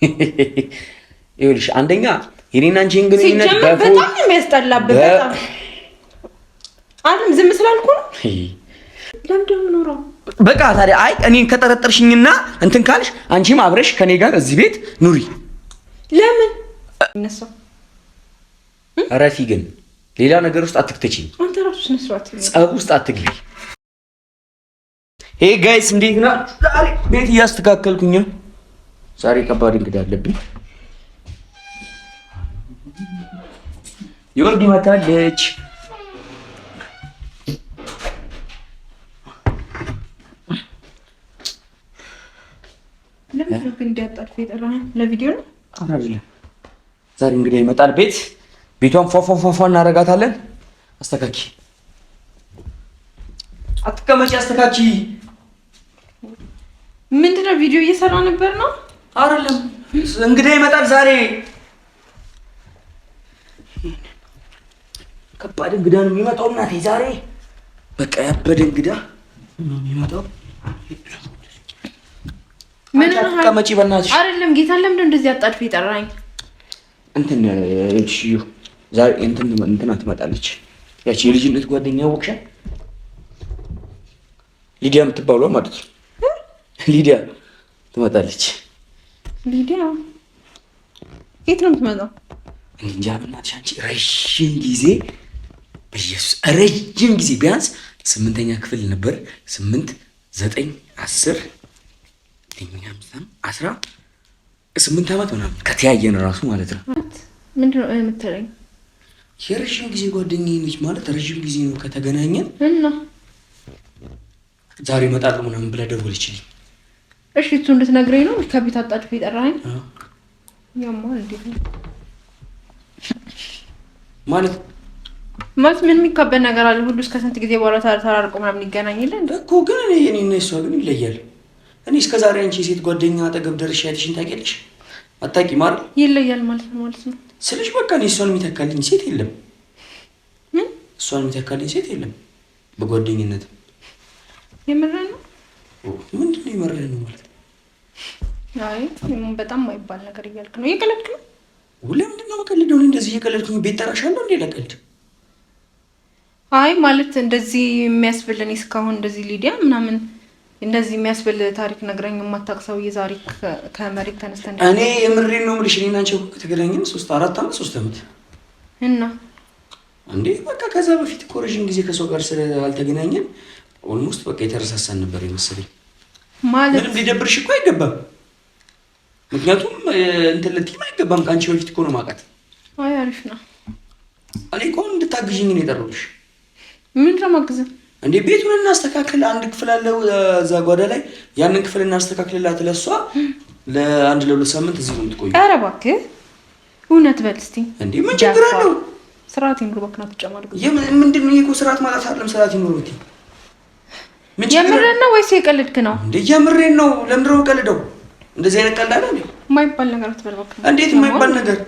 ይኸውልሽ አንደኛ የኔና አንቺን ግንኙነት በጣም ነው የሚያስጠላብህ። አለም ዝም ስላልኩ ነው። ለምንድን ነው በቃ ታዲያ አይ እኔን ከጠረጠርሽኝና እንትን ካልሽ አንቺም አብረሽ ከኔ ጋር እዚህ ቤት ኑሪ። ለምን እነሱ ረፊ ግን ሌላ ነገር ውስጥ አትክተችኝ። አንተ ራሱ ስነ ስርዓት ጸብ ውስጥ አትግቢ። ሄይ ጋይስ እንዴት ናችሁ? ዛሬ ቤት እያስተካከልኩኝ ዛሬ ከባድ እንግዳ አለብኝ። ይወርድ ይመታለች። ለቪዲዮ ነው። ዛሬ ይመጣል። ቤት ቤቷን ፏፏፏፏ እናደርጋታለን። አስተካኪ አትቀመጪ፣ አስተካኪ። ምንድነው ቪዲዮ እየሰራ ነበር ነው አይደለም እንግዲህ ይመጣል ዛሬ ከባድ እንግዳ ነው የሚመጣው። እናቴ ዛሬ በቃ ያበደ እንግዳ ነው የሚመጣው። ምን ቀመጪ፣ በእናትሽ አይደለም ጌታ። ለምንድን እንደዚህ አጣድፍ ይጠራኝ? እንትን እሺዩ ዛሬ እንትን እንትና ትመጣለች። ያቺ የልጅነት ጓደኛ ወክሻ ሊዲያ የምትባሏ ማለት ነው። ሊዲያ ትመጣለች። ሊዲያ የት ነው የምትመጣው? እንጃ በእናትሽ አንቺ ረዥም ጊዜ በኢየሱስ ረዥም ጊዜ ቢያንስ ስምንተኛ ክፍል ነበር። ስምንት ዘጠኝ አስር አስራ ስምንት ዓመት ምናምን ከተያየን እራሱ ማለት ነው። ምንድን ነው የምትለኝ? የረዥም ጊዜ ጓደኛዬ ነች ማለት ረዥም ጊዜ ነው ከተገናኘን እና ዛሬ እመጣለሁ ምናምን ብላ ደወለችልኝ። እሺ እሱ እንድትነግረኝ ነው። ከቤት አጣጭፎ የጠራኝ ያማ እንዴት ነው ማለት ማለት ምን የሚካበድ ነገር አለ? ሁሉ እስከ ስንት ጊዜ በኋላ ተራርቆ ምናምን ይገናኝ የለ እኮ። ግን እኔ እኔ እና እሷ ግን ይለያል። እኔ እስከ ዛሬ አንቺ የሴት ጓደኛ አጠገብ ደርሼ አይተሽኝ ታውቂያለሽ? አታውቂም አይደል? ይለያል ማለት ነው ማለት ነው ስልሽ በቃ እኔ እሷን የሚተካልኝ ሴት የለም። እሷን የሚተካልኝ ሴት የለም በጓደኝነት የምረ ነው? ምንድን ነው የምርህ ነው ማለት አይ በጣም ማይባል ነገር እያልክ ነው። እየቀለድክ ነው። ለምንድን ነው መቀልደው? እንደዚህ እየቀለድክ ነው። ቤት ጠራሻለሁ እንዴ ለቀልድ? አይ ማለት እንደዚህ የሚያስብል እስካሁን እንደዚህ ሊዲያ ምናምን እንደዚህ የሚያስብል ታሪክ ነግረኝ የማታውቅ ሰውዬ ዛሬ ከመሬት ተነስተን እኔ የምሬን ነው የምልሽ። እኔና አንቺ ከተገናኘን ሶስት አራት አመት ሶስት አመት እና እንዴ በቃ ከዛ በፊት እኮ ረዥም ጊዜ ከሰው ጋር ስላልተገናኘን ኦልሞስት በቃ የተረሳሳን ነበር የመሰለኝ። ማለት ምንም ሊደብርሽ እኮ አይገባም። ምክንያቱም እንትን ልትይም አይገባም። ከአንቺ በፊት እኮ ነው የማውቃት። አይ አሪፍ ነው። እኔ እኮ እንድታግዥኝ ነው የጠራሁሽ። ምን ለማግዝ እንዴ? ቤቱን እናስተካክል። አንድ ክፍል አለው እዛ ጓዳ ላይ፣ ያንን ክፍል እናስተካክልላት። ለእሷ ለአንድ ለሁለት ሳምንት እዚህ ነው የምትቆዩ። ኧረ እባክህ እውነት በል እስኪ። እንዴ ምን ችግር አለው? ስርዓት ይኑር እባክህ። አትጨማል። ምንድን ነው ይሄ? ስርዓት ማለት አይደለም። ስርዓት ይኑር ብትይ የምሬን ነው ወይስ የቀልድክ ነው? እንዴ የምሬን ነው። ለምንድን ነው የምቀልደው? እንደዚህ አይነት ቀልድ አለ እንዴ? የማይባል ነገር አትበልባክ። እንዴት የማይባል ነገር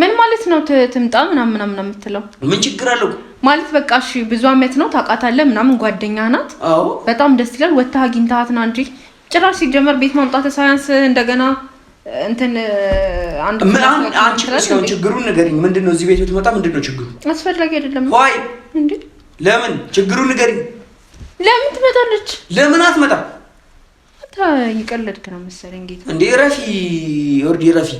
ምን ማለት ነው? ትምጣ ምናምን ምናምን የምትለው ምን ችግር አለው ማለት በቃ እሺ፣ ብዙ አመት ነው ታውቃታለህ፣ ምናምን ጓደኛ ናት። አዎ በጣም ደስ ይላል። ወታ አግኝታት ነው እንጂ ጭራሽ ሲጀመር ቤት ማምጣት ሳያንስ እንደገና እንትን አንድ ምናምን አንቺ ነው ችግሩን ንገሪኝ። ምንድን ነው እዚህ ቤት ብትመጣ ምንድን ነው ችግሩ? አስፈላጊ አይደለም ወይ እንዴ? ለምን ችግሩን ንገሪኝ። ለምን ትመጣለች? ለምን አትመጣም? የቀለድክ ነው መሰለኝ ጌታ። እንዴ ረፊ ወርዲ ረፊ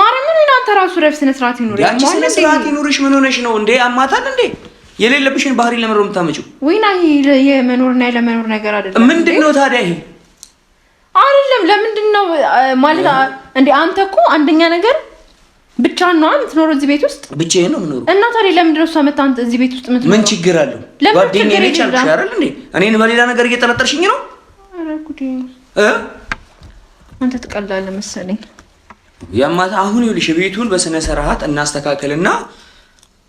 ማርያምን እናንተ ራሱ ረፍ ስነ ስርዓት ያቺ ስነ ስርዓት ይኑርሽ። ምን ሆነሽ ነው እንዴ? አማታል እንዴ? የሌለብሽን ባህሪ ለምንድን ነው የምታመጪው? ወይና ይሄ የመኖርና የለመኖር ነገር አይደለም። ምንድን ታዲያ ይሄ? አይደለም ለምንድን ነው ማለት እንዴ? አንተ እኮ አንደኛ ነገር ብቻ ነው የምትኖረው እዚህ ቤት ውስጥ። ነው የምኖረው። እና ታዲያ ለምንድን ነው እሷ መታ እዚህ ቤት ውስጥ የምትኖረው? ምን ችግር አለው? ጓደኛዬ ነች አልኩሽ አይደል እንዴ? እኔን በሌላ ነገር ነው አንተ ትቀላለህ መሰለኝ። ያማታ አሁን ይኸውልሽ ቤቱን በስነ ስርዓት እናስተካከልና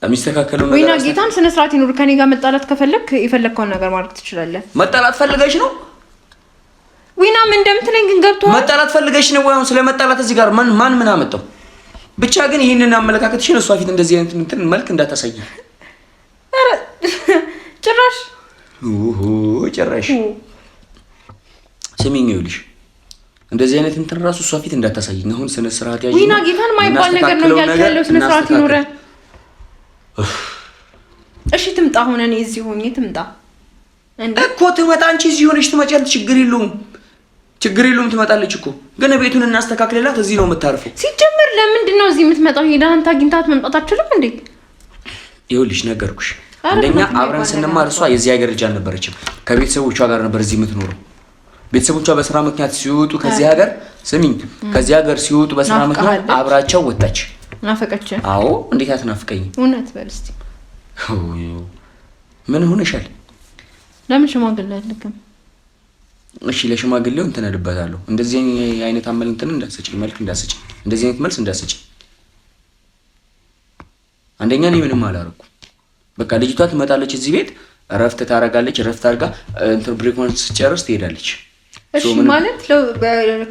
የሚስተካከለው ነገር ወይና ጌታም ስነ ስርዓት ይኑር። ከኔ ጋር መጣላት ከፈለክ የፈለግከውን ነገር ማድረግ ትችላለህ። መጣላት ፈልገሽ ነው ዊናም እንደምትለኝ ግን ገብቶሃል። መጣላት ፈልገሽ ነው ወይ? አሁን ስለ መጣላት እዚህ ጋር ማን ማን ምን አመጣው? ብቻ ግን ይህንን አመለካከትሽን እሷ ፊት እንደዚህ አይነት እንትን መልክ እንዳታሳይ። ኧረ ጭራሽ ጭራሽ ስሚኝ ይኸውልሽ እንደዚህ አይነት እንትን ራሱ እሷ ፊት እንዳታሳይኝ። አሁን ስነ ስርዓት ያዥ ዊና ጌታን ማይባል ነገር ነው እያልክ ያለው ስነ ስርዓት ይኖረ። እሺ ትምጣ፣ አሁን እኔ እዚህ ሆኜ ትምጣ እኮ ትመጣ። አንቺ እዚህ ሆነሽ ትመጫል፣ ችግር የለውም ችግር የለውም ትመጣለች እኮ ግን ቤቱን እናስተካክልላት። እዚህ ነው የምታርፈው። ሲጀምር ለምንድን ነው እዚህ የምትመጣው? ሄዳ አንተ አግኝታት መምጣት አችልም እንዴ? ይኸውልሽ ነገርኩሽ፣ አንደኛ አብረን ስንማር እሷ የዚህ ሀገር ልጅ አልነበረችም። ከቤተሰቦቿ ጋር ነበር እዚህ የምትኖረው ቤተሰቦቿ በስራ ምክንያት ሲወጡ ከዚህ ሀገር ስሚኝ፣ ከዚህ ሀገር ሲወጡ በስራ ምክንያት አብራቸው ወጣች። ናፈቀች። አዎ፣ እንዴት አትናፍቀኝ? እውነት በል እስኪ። ምን ሆነሻል? ለምን ሽማግሌ አልልክም? እሺ፣ ለሽማግሌው እንትን እልበታለሁ። እንደዚህ አይነት አመል እንትን እንዳትሰጪኝ፣ መልክ እንዳትሰጪኝ፣ እንደዚህ አይነት መልስ እንዳትሰጪኝ። አንደኛ እኔ ምንም አላደረኩም። በቃ ልጅቷ ትመጣለች እዚህ ቤት እረፍት ታደርጋለች። እረፍት አድርጋ እንትን ብሬክማን ስጨርስ ትሄዳለች። እሺ ማለት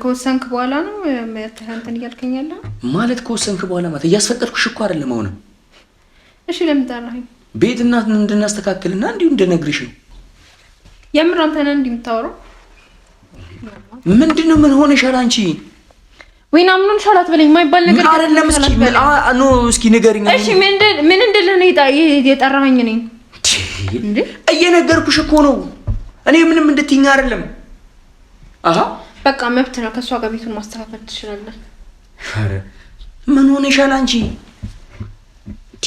ከወሰንክ በኋላ ነው እንትን እያልከኝ ያለ ማለት ከወሰንክ በኋላ ማለት እያስፈቀድኩሽ እኮ አይደለም አሁንም እሺ ለምን ጠራኸኝ ቤት እና እንድናስተካክልና እንዲሁ እንደነግርሽ ነው የምር አንተ ነህ እንዲህ የምታወራው ምንድን ነው ምን ሆነሻል አንቺ ወይና ምን ሆነሻል አትበለኝ የማይባል ነገር አይደለም እስኪ ኖ እስኪ ንገሪኝ እሺ ምን እንድልህ ነው የጠራኸኝ እኔን እየነገርኩሽ እኮ ነው እኔ ምንም እንድትይኝ አይደለም በቃ መብት ነው። ከእሷ ጋር ቤቱን ማስተካከል ትችላለን። ኧረ ምን ሆነሻል አንቺ? ዲ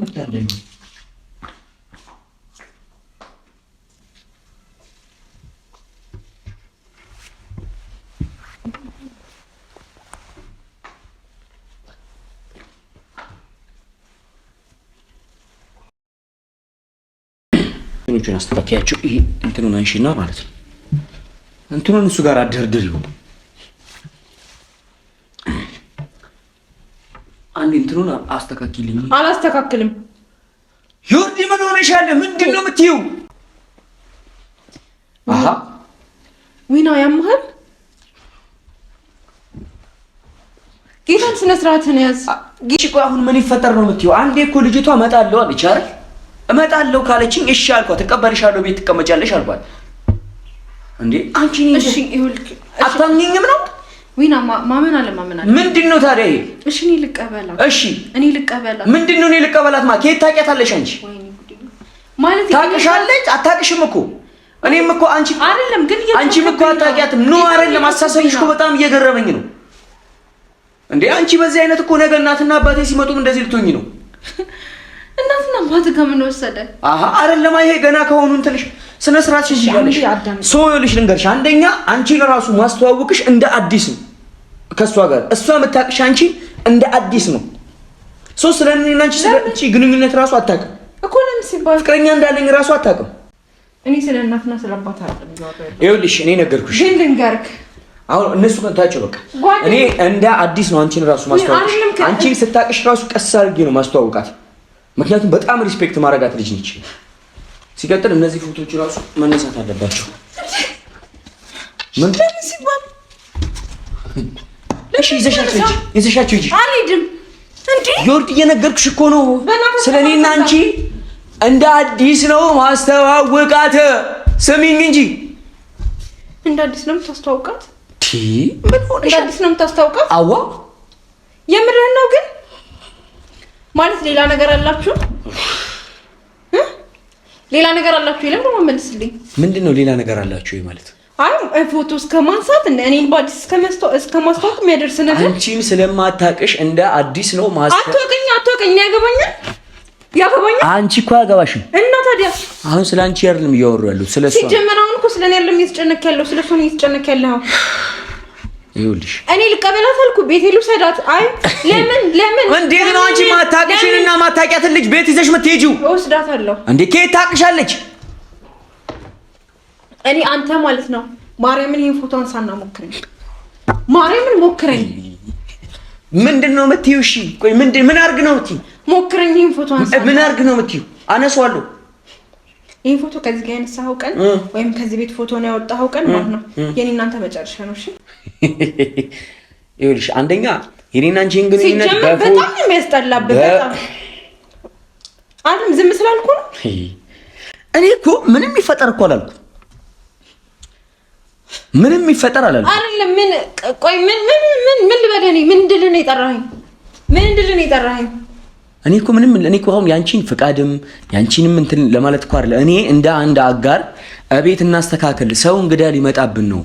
ምታለኝ እንትኖቹን አስተካክያቸው። ይሄ እንትኑን አንሺና ማለት ነው እንትኑን እሱ ጋር ይሁን አንድ እንትኑን አስተካክልኝ። አላስተካክልም። ዮርዲ ምን ሆነሻል? ምንድን ነው የምትይው? አሃ ዊና ያምሃል። ጌታን ስነ ስርዓትን ያዝ። ጊሽ ቆይ፣ አሁን ምን ይፈጠር ነው የምትይው? አንዴ እኮ ልጅቷ እመጣለሁ አለች አይደል እመጣለሁ ካለችኝ እሺ አልኳት። እቀበልሻለሁ፣ ቤት ትቀመጫለሽ አልኳት። እንዴ አንቺ ነኝ እሺ ይሁልክ አታምኚኝም ነው ዊና ማመን አለ ማመን አለ ምንድን ነው ታዲያ ይሄ? እሺ እኔ ልቀበላት እሺ እኔ ልቀበላት ምንድን ነው እኔ ልቀበላት ማ ከየት ታውቂያታለሽ አንቺ ማለት ታውቂሻለች? አታውቅሽም እኮ እኔም እኮ አንቺ አይደለም ግን አንቺም እኮ አታውቂያትም። ኖ አይደለም አሳሰብሽ እኮ በጣም እየገረመኝ ነው። እንዴ አንቺ በዚህ አይነት እኮ ነገ እናትና አባቴ ሲመጡም እንደዚህ ልትሆኚ ነው እናትና አባት ከምን ወሰደ? አሃ አይደለም፣ ይሄ ገና ከሆኑ እንትንሽ ስነ ስርዓት እሺ ያለሽ ሰው ይኸውልሽ፣ ልንገርሽ፣ አንደኛ አንቺ ለራሱ ማስተዋወቅሽ እንደ አዲስ ነው ከእሷ ጋር እሷ የምታውቅሽ አንቺ እንደ አዲስ ነው። ሰው ስለ እኔና አንቺ ስለ አንቺ ግንኙነት ራሱ አታውቅም እኮ ለምን ሲባል ፍቅረኛ እንዳለኝ ራሱ አታውቅም። እኔ ስለ እናትና ስለ አባት አይደለም ይኸውልሽ፣ እኔ ነገርኩሽ። ግን ልንገርክ አሁን እነሱ ከታቸው በቃ እኔ እንደ አዲስ ነው አንቺን ራሱ ማስተዋወቅሽ። አንቺን ስታውቅሽ ራሱ ቀስ አድርጌ ነው ማስተዋወቃት ምክንያቱም በጣም ሪስፔክት ማድረጋት ልጅ ነች። ሲቀጥል እነዚህ ፎቶች ራሱ መነሳት አለባቸው። ምን ሲባል እንዴ ዮርድ፣ እየነገርኩሽ እኮ ነው። ስለ እኔና አንቺ እንደ አዲስ ነው ማስተዋወቃት። ስሚኝ እንጂ እንደ አዲስ ነው የምታስተዋውቃት። ምን ሆነሽ? እንደ አዲስ ነው የምታስተዋውቃት። አዋ፣ የምርህን ነው ግን ማለት ሌላ ነገር አላችሁ? ሌላ ነገር አላችሁ? የለም ደግሞ መልስልኝ። ምንድን ነው ሌላ ነገር አላችሁ ማለት? አይ ፎቶ እስከ ማንሳት እንደ እኔን በአዲስ እስከ ማስታወቅ የሚያደርስ ነገር አንቺም ስለማታውቅሽ እንደ አዲስ ነው ማስታወቅ። አትወቅኝ፣ አትወቅኝ። እኔ ያገባኛል፣ ያገባኛል። አንቺ እኮ አያገባሽም። እና ታዲያ አሁን ስለ አንቺ አይደለም እያወሩ ያለው ስለ እሷ። ሲጀመር አሁን እኮ ስለ እኔ አይደለም እየተጨነቅ ያለው ስለ እሷ ነው እየተጨነቅ ያለው። ይኸውልሽ እኔ ልቀበላት አልኩ። ቤቴ ልውሰዳት። አይ ለምን ለምን? እንዴት ነው አንቺ ማታውቂሽን እና ልጅ ቤት ይዘሽ የምትሄጂው? እወስዳታለሁ እንዴ? ከየት ታውቂሻለች? እኔ አንተ ማለት ነው ማርያምን፣ ይሄን ፎቶ አንሳና ሞክረኝ። ማርያምን ሞክረኝ። ምንድን ነው የምትይው? እሺ ቆይ ምንድን ምን አድርግ ነው የምትይው? ሞክረኝ። ይሄን ፎቶ አንሳ። ምን አድርግ ነው የምትይው? አነሳዋለሁ ይህ ፎቶ ከዚህ ጋር የነሳኸው ቀን ወይም ከዚህ ቤት ፎቶ ነው ያወጣኸው ቀን ማለት ነው የኔ እናንተ መጨረሻ ነው። እሺ ይኸውልሽ፣ አንደኛ የኔና አንቺን ግንኙነት በጣም የሚያስጠላብህ በጣም አለም ዝም ስላልኩ ነው። እኔ እኮ ምንም ይፈጠር እኮ አላልኩ ምንም ይፈጠር አላልኩ አይደለም። ምን ቆይ ምን ምን ምን ልበልህ? እኔ ምን እንድልህ ነው የጠራኸኝ? ምን እንድልህ ነው የጠራኸኝ? እኔ እኮ ምንም እኔ እኮ አሁን ያንቺን ፍቃድም ያንቺንም እንትን ለማለት እኮ አይደለ። እኔ እንደ አንድ አጋር እቤት እናስተካከል፣ ሰው እንግዳ ሊመጣብን ነው።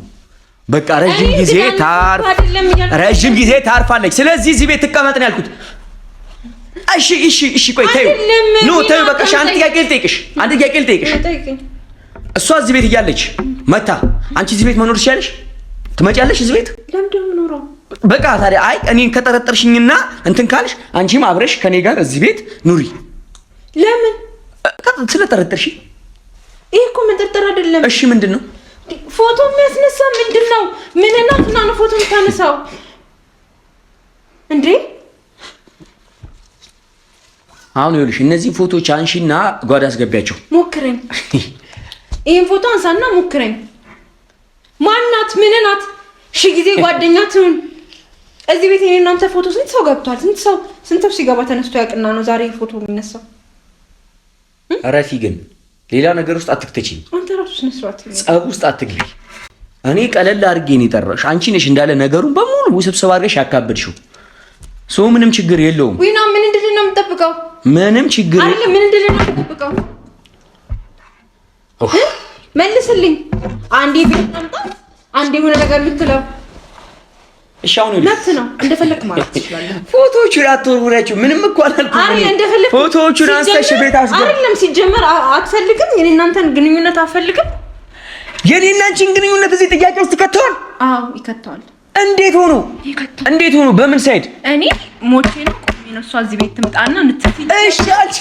በቃ ረጅም ጊዜ ታርፍ ረጅም ጊዜ ታርፋለች። ስለዚህ እዚህ ቤት ትቀመጥ ነው ያልኩት። እሺ፣ እሺ፣ እሺ። ቆይ ተይው፣ ኑ ተይው፣ በቃ እሺ። አንድ ጥያቄ ልጠይቅሽ፣ አንድ ጥያቄ ልጠይቅሽ። እሷ እዚህ ቤት እያለች መታ አንቺ እዚህ ቤት መኖር ትችያለሽ? ትመጪያለሽ እዚህ ቤት? ለምንድን ነው የምኖረው? በቃ ታዲያ አይ እኔን ከጠረጠርሽኝና እንትን ካልሽ አንቺም አብረሽ ከኔ ጋር እዚህ ቤት ኑሪ። ለምን ስለጠረጠርሽ? ይህ እኮ መጠርጠር አይደለም። እሺ ምንድን ነው ፎቶ የሚያስነሳ ምንድን ነው? ምን እናትና ነው ፎቶ የምታነሳው እንዴ? አሁን ይኸውልሽ እነዚህ ፎቶዎች አንሺና ጓዳ አስገቢያቸው። ሞክረኝ፣ ይህን ፎቶ አንሳና ሞክረኝ። ማናት? ምን ናት? ሺ ጊዜ ጓደኛትሁን እዚህ ቤት እኔ እናንተ ፎቶ ስንት ሰው ገብቷል? ስንት ሰው ስንት ሰው ሲገባ ተነስቶ ያቅና ነው ዛሬ ፎቶ የሚነሳው? ረፊ ግን ሌላ ነገር ውስጥ አትክተቺ። አንተ ራሱ ስነ ስርዓት ጸብ ውስጥ አትግቢ። እኔ ቀለል አድርጌ ነው የጠራሁሽ። አንቺ ነሽ እንዳለ ነገሩን በሙሉ ውስብስብ አድርገሽ ያካበድሽው። ሰው ምንም ችግር የለውም። ዊና ምን እንድልን ነው የምጠብቀው? ምንም ችግር አይደለም። ምን እንድልን ነው የምጠብቀው? መልስልኝ። አንዴ ቤት አንዴ የሆነ ነገር ልትለው እሺ አሁን መብት ነው፣ እንደፈለክ ማለት ትችላለህ። ፎቶዎቹን አትወርውሪያቸው። ምንም እኮ አላልኩም። ፎቶዎቹን አንስተሽ ቤት አስገባ። አይደለም ሲጀመር አትፈልግም፣ የኔ እናንተን ግንኙነት አትፈልግም። የኔ እናንቺን ግንኙነት እዚህ ጥያቄ ውስጥ ይከተዋል። አዎ ይከተዋል። እንዴት ሆኖ እንዴት ሆኖ በምን ሳይድ እኔ ሞቼ ነው ቆሜ ነው። እሷ እዚህ ቤት ትምጣና እንትፊ። እሺ አንቺ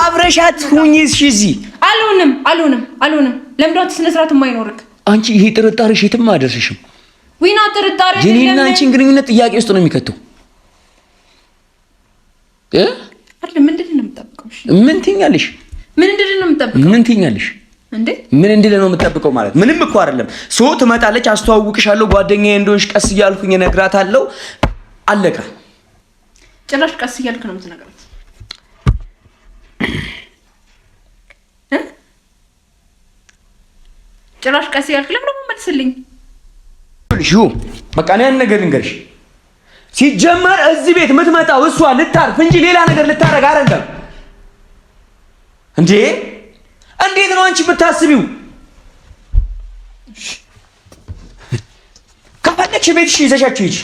አብረሻት ሁኚ። እሺ እዚህ አልሆንም፣ አልሆንም፣ አልሆንም። ለምዳት ስነ ስርዓት የማይኖርክ አንቺ ይሄ ጥርጣሬሽ የትም አያደርስሽም። ዊና ጥርጣሬ ጂኒና አንቺን ግንኙነት ጥያቄ ውስጥ ነው የሚከተው እ አይደል ምንድን ነው የምጠብቀው? ምን ትኛለሽ? ምን እንድልህ ነው የምጠብቀው? ምን ትኛለሽ? እንዴ ምን እንድልህ ነው የምጠብቀው? ማለት ምንም እኮ አይደለም። ሶ ትመጣለች፣ አስተዋውቅሻለሁ፣ ጓደኛዬ እንደሆንሽ ቀስ እያልኩኝ እነግራታለሁ። አለቀ። ጭራሽ ቀስ እያልክ ነው የምትነግራት እ ጭራሽ ቀስ እያልክ ለምን ደግሞ መልስልኝ ሹ በቃ ነው ያን ነገር ልንገርሽ። ሲጀመር እዚህ ቤት የምትመጣው እሷ ልታርፍ እንጂ ሌላ ነገር ልታረግ አይደለም። እንዴ እንዴት ነው አንቺ የምታስቢው? ከፈለግሽ ቤትሽ ይዘሻችሁ ሂጂ።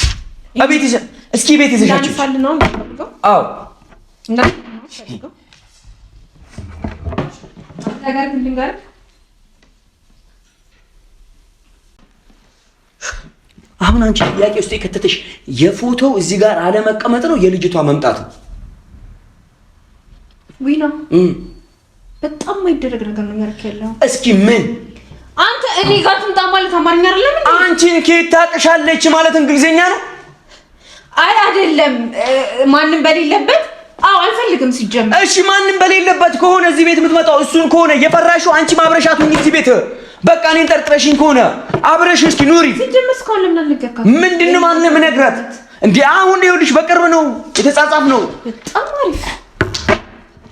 አቤት ይዘ እስኪ ቤት ይዘሻችሁ አዎ ነገር አሁን አንቺ ጥያቄ ውስጥ የከተተሽ የፎቶው እዚህ ጋር አለመቀመጥ ነው የልጅቷ መምጣት ነው። ዊና በጣም ማይደረግ ነገር ነው የሚያደርግ ያለው። እስኪ ምን አንተ እኔ ጋር ትምጣ ማለት አማርኛ አይደለም። አንቺን ከየት ታውቅሻለች ማለት እንግሊዝኛ ነው። አይ አይደለም፣ ማንም በሌለበት አዎ፣ አልፈልግም ሲጀምር። እሺ ማንም በሌለበት ከሆነ እዚህ ቤት የምትመጣው እሱን ከሆነ የፈራሽው አንቺ ማብረሻቱን እዚህ ቤት በቃ እኔን ጠርጥረሽኝ ከሆነ አብረሽ እስኪ ኑሪ። ምንድን ነው ማን የምነግራት? እንደ አሁን ይኸውልሽ በቅርብ ነው የተጻጻፍ ነው። በጣም አሪፍ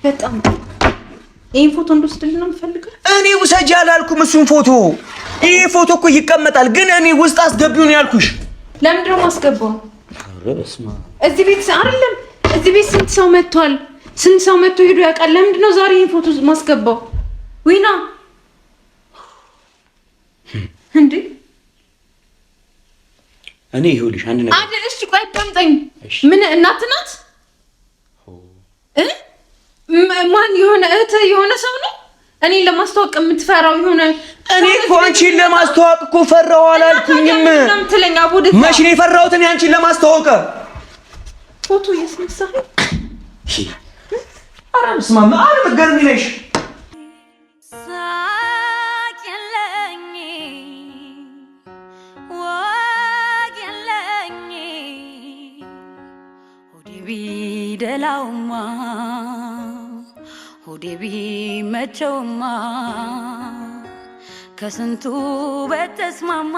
በጣም ይህን ፎቶ እንድወስድልህ ነው የምፈልገው። እኔ ውሰጂ አላልኩም እሱን ፎቶ። ይህ ፎቶ እኮ ይቀመጣል፣ ግን እኔ ውስጥ አስገቢው ነው ያልኩሽ። ለምንድን ነው የማስገባው? እዚህ ቤት አይደለም እዚህ ቤት ስንት ሰው መጥቷል፣ ስንት ሰው መጥቶ ሄዶ ያውቃል። ለምንድን ነው ዛሬ ይህን ፎቶ ማስገባው? ዊና እንዴ እኔ ይኸውልሽ አንድ ነገር አይደል? እሺ ቆይ አዳምጠኝ። ምን እናት ናት? ማን የሆነ እህት የሆነ ሰው ነው? እኔ ለማስተዋወቅ የምትፈራው የሆነ እኔ እኮ አንቺን ለማስተዋወቅ እኮ ፈራሁ አላልኩኝም። መች ነው የፈራሁት? እኔ አንቺን ለማስተዋወቅ ፎቶ እያስነሳኸኝ። አረምስማ በስመ አብ ይለሽ ቢበላውማ ሆዴ ቢመቸውማ ከስንቱ በተስማማ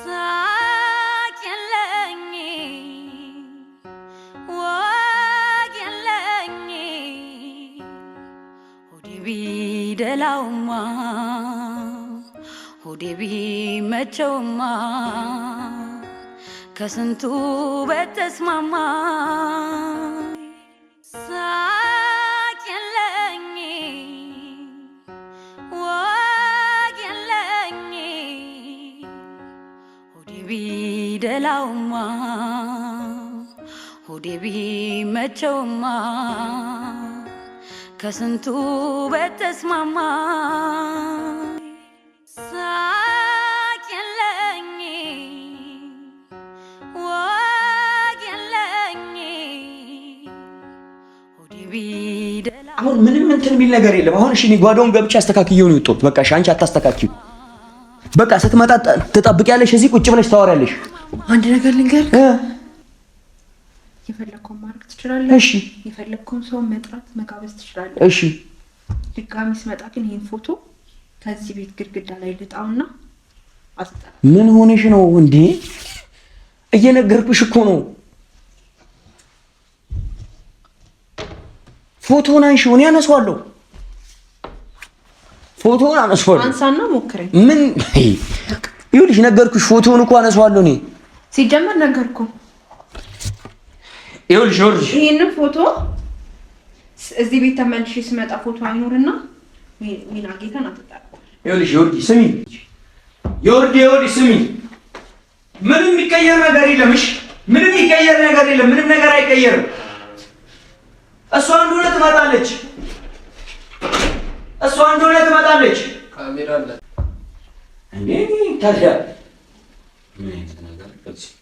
ሳቅ የለኝ ወግ የለኝ ሆዴ ቢደላውማ ሆዴ ቢመቸውማ ከስንቱ በተስማማ ሳቅ የለኝ ወግ የለኝ ሆዴ ቢደላውማ ሆዴ ቢመቸውማ ከስንቱ በተስማማ አሁን ምንም እንትን የሚል ነገር የለም። አሁን እሺ፣ እኔ ጓዳውን ገብቼ አስተካክየው ነው የወጣሁት። በቃ እሺ፣ አንቺ አታስተካክዪው። በቃ ስትመጣ ትጠብቂያለሽ፣ እዚህ ቁጭ ብለሽ ታወሪያለሽ። አንድ ነገር ልንገርህ፣ የፈለግከውን ማድረግ ትችላለህ። እሺ፣ የፈለግከውን ሰው መጥራት መጋበዝ ትችላለህ። እሺ፣ ድጋሚ ስመጣ ግን ይሄን ፎቶ ከዚህ ቤት ግድግዳ ላይ ልጣውና አስጠራ። ምን ሆነሽ ነው እንዴ? እየነገርኩሽ እኮ ነው ፎቶን አንሺ፣ እኔ አነሳዋለሁ። ፎቶን አነሳዋለሁ። አንሳና ሞክረኝ። ምን ይኸውልሽ፣ ነገርኩሽ። ፎቶን እኮ አነሳዋለሁ እኔ ሲጀመር ነገርኩ። ይኸውልሽ፣ ይኸውልሽ፣ ይሄንን ፎቶ እዚህ ቤት ተመልሼ ስመጣ ፎቶ አይኖርና ሚና ጌታን አትጣል። ይኸውልሽ፣ ይኸውልሽ፣ ስሚ፣ ይኸውልሽ፣ ይኸውልሽ፣ ስሚ፣ ምንም የሚቀየር ነገር የለም። እሺ፣ ምንም የሚቀየር ነገር የለም። ምንም ነገር አይቀየርም። እሷ እንደሆነ ትመጣለች። እሷ እንደሆነ ትመጣለች። ካሜራ አለ እንዴ? ታዲያ ምን አይነት ነገር